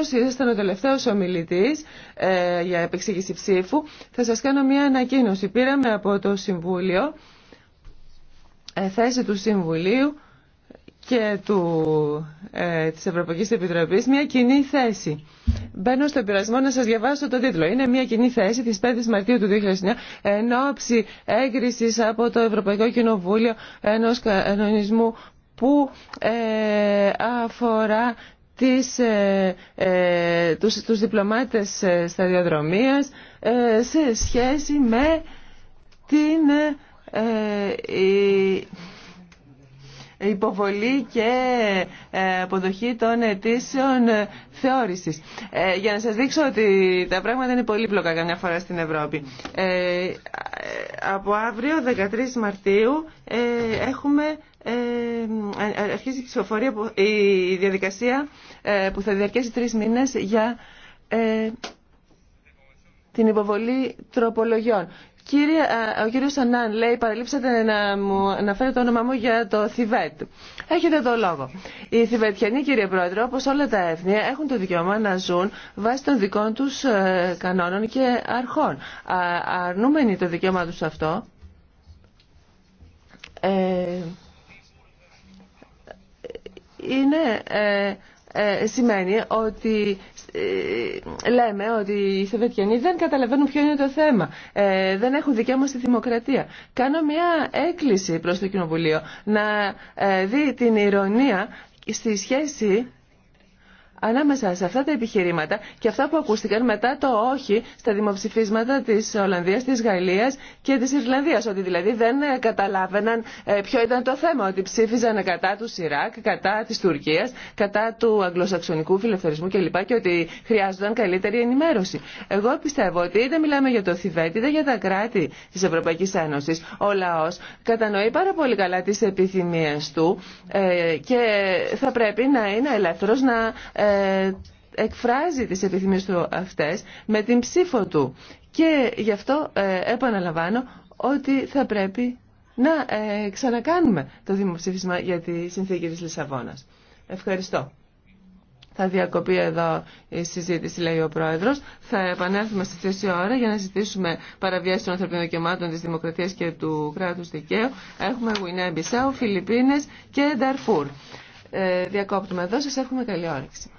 ήσασταν ο τελευταίο ομιλητής ε, για επεξήγηση ψήφου, θα σας κάνω μια ανακοίνωση. Πήραμε από το Συμβούλιο ε, θέση του Συμβουλίου και του, ε, της Ευρωπαϊκής Επιτροπής μια κοινή θέση. Μπαίνω στο πειρασμό να σας διαβάσω το τίτλο. Είναι μια κοινή θέση της 5ης Μαρτίου του 2009 εν ώψη έγκρισης από το Ευρωπαϊκό Κοινοβούλιο ενός κανονισμού που ε, αφορά τις, ε, ε, τους, διπλωμάτες ε, σταδιοδρομίας ε, σε σχέση με την υποβολή και αποδοχή των αιτήσεων θεώρησης. Για να σας δείξω ότι τα πράγματα είναι πολύπλοκα καμιά φορά στην Ευρώπη από αύριο, 13 Μαρτίου, ε, έχουμε ε, αρχίσει η η διαδικασία ε, που θα διαρκέσει τρεις μήνες για την υποβολή τροπολογιών. Κύριε, ε, ο κύριος Ανάν λέει, παραλείψατε να μου αναφέρετε το όνομά μου για το Θιβέτ. Έχετε το λόγο. Οι Θιβετιανοί, κύριε Πρόεδρε, όπως όλα τα έθνη, έχουν το δικαίωμα να ζουν βάσει των δικών τους ε, κανόνων και αρχών. Αρνούμενοι το δικαίωμα τους αυτό, ε, είναι, σημαίνει ότι λέμε ότι οι Σοβιετιανοί δεν καταλαβαίνουν ποιο είναι το θέμα. Ε, δεν έχουν δικαίωμα στη δημοκρατία. Κάνω μια έκκληση προς το Κοινοβουλίο να ε, δει την ηρωνία στη σχέση Ανάμεσα σε αυτά τα επιχειρήματα και αυτά που ακούστηκαν μετά το όχι στα δημοψηφίσματα τη Ολλανδία, τη Γαλλία και τη Ιρλανδία. Ότι δηλαδή δεν ε, καταλάβαιναν ε, ποιο ήταν το θέμα. Ότι ψήφιζαν κατά του Ιράκ, κατά τη Τουρκία, κατά του αγγλοσαξονικού φιλελευθερισμού κλπ. Και ότι χρειάζονταν καλύτερη ενημέρωση. Εγώ πιστεύω ότι είτε μιλάμε για το Θιβέτ, είτε για τα κράτη τη Ευρωπαϊκή Ένωση, ο λαό κατανοεί πάρα πολύ καλά τι επιθυμίε του ε, και θα πρέπει να είναι ελεύθερο να ε, εκφράζει τις επιθυμίες του αυτές με την ψήφο του. Και γι' αυτό ε, επαναλαμβάνω ότι θα πρέπει να ε, ξανακάνουμε το δημοψήφισμα για τη συνθήκη της Λισαβόνας. Ευχαριστώ. Θα διακοπεί εδώ η συζήτηση, λέει ο Πρόεδρος. Θα επανέλθουμε στη θέση ώρα για να ζητήσουμε παραβιάσεις των ανθρωπίνων δικαιωμάτων, τη δημοκρατία και του κράτου δικαίου. Έχουμε Γουινέα Μπισάου, Φιλιππίνε και Νταρφούρ. Ε, διακόπτουμε εδώ. Σα εύχομαι καλή όρεξη.